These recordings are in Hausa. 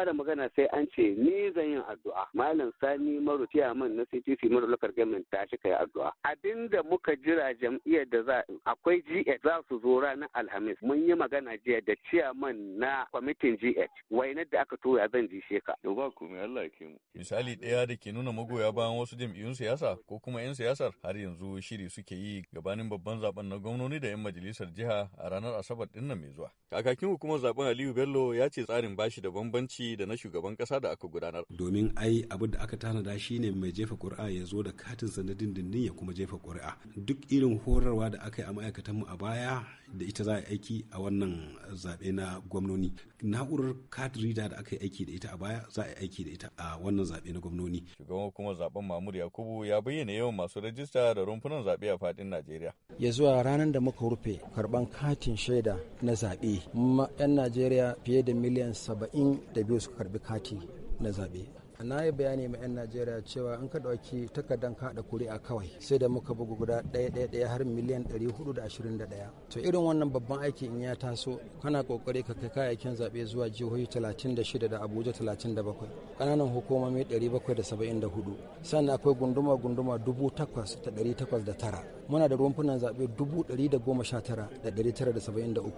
fara magana sai an ce ni zan yi addu'a malam sani maru man na ctc mara lokar gamin ta shi kai addu'a abinda muka jira jam'iyyar da za akwai gh za su zo ranar alhamis mun yi magana jiya da ciyaman na kwamitin gh wainar da aka tura zan ji sheka to ba ku allah ke mu misali ɗaya da ke nuna magoya bayan wasu jam'iyyun siyasa ko kuma 'yan siyasar har yanzu shiri suke yi gabanin babban zaben na gwamnoni da 'yan majalisar jiha a ranar asabar ɗin nan mai zuwa kakakin hukumar zaben aliyu bello ya ce tsarin bashi da bambanci da na shugaban kasa da aka gudanar. Domin ai abin da aka tanada shine mai jefa ƙuri'a ya zo da katin na dindindin ya kuma jefa ƙuri'a. Duk irin horarwa da aka yi a ma'aikatanmu a baya da ita za a aiki a wannan zaɓe na gwamnoni. Na'urar card reader da aka yi aiki da ita a baya za a aiki da ita a wannan zaɓe na gwamnoni. Shugaban hukumar zaben Mamur Yakubu ya bayyana yawan masu rajista da rumfunan zaɓe a faɗin Najeriya. Ya zuwa ranar da muka rufe karɓan katin shaida na zaɓe. 'Yan Najeriya fiye da miliyan saba'in da biyu su karbi kati na zaɓe na yi bayani ma 'yan najeriya cewa in ka dauki takardar kaɗa kuri'a kawai sai da muka bugu guda ɗaya ɗaya ɗaya har miliyan 421 to irin wannan babban aiki in ya taso kana kokari ka kai kayayyakin zaɓe zuwa jihohi 36 da abuja 37 ƙananan hukumomi 774 sannan akwai gunduma gunduma 8,809 muna da rumfunan zaɓe 119,973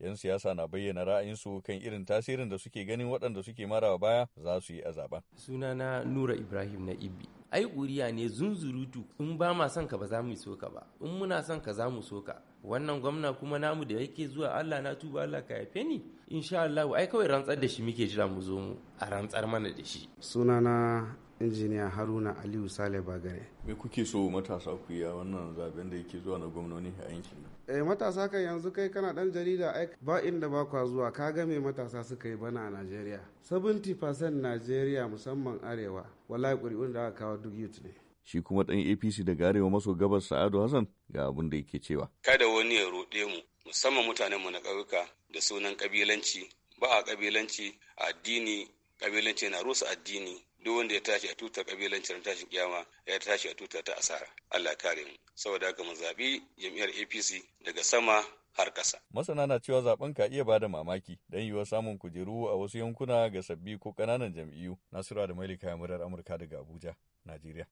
yan siyasa na bayyana ra'ayinsu kan irin tasirin da suke ganin waɗanda suke mara baya za su yi a zaben Suna na nura ibrahim na ibi ai ƙuriya ne zunzurutu in ba ma son ka ba za mu so ka ba in muna son ka za mu so wannan gwamna kuma namu da yake zuwa Allah na tuba Allah ka yafe ni insha ai kawai rantsar da shi muke jira mu zo mu a rantsar mana da shi Suna na. injiniya haruna aliyu sale bagare me kuke so matasa ku yi a wannan zaben da yake zuwa na gwamnoni a yankin eh matasa kan yanzu kai kana dan jarida ai ba inda ba kwa zuwa ka ga me matasa suka yi bana a najeriya 70% najeriya musamman arewa wallahi ƙuri'un da aka kawo duk youth ne shi kuma dan apc da garewa maso gabas sa'adu hassan ga abin da yake cewa kada wani ya ruɗe mu musamman mutanen mu na ƙauyuka da sunan ƙabilanci ba a ƙabilanci addini ƙabilanci na rusa addini duk wanda ya tashi a tutar kabilancin tashin kiyama ya tashi a tutar ta asara Allah kare mu saboda haka mu zabi jam'iyyar APC daga sama har ƙasa. Masana na cewa zaben ka iya bada mamaki don yiwuwa samun kujeru a wasu yankuna ga sabbi ko ƙananan jam'iyyu. Nasiru da Mailika ya murar Amurka daga Abuja, Najeriya.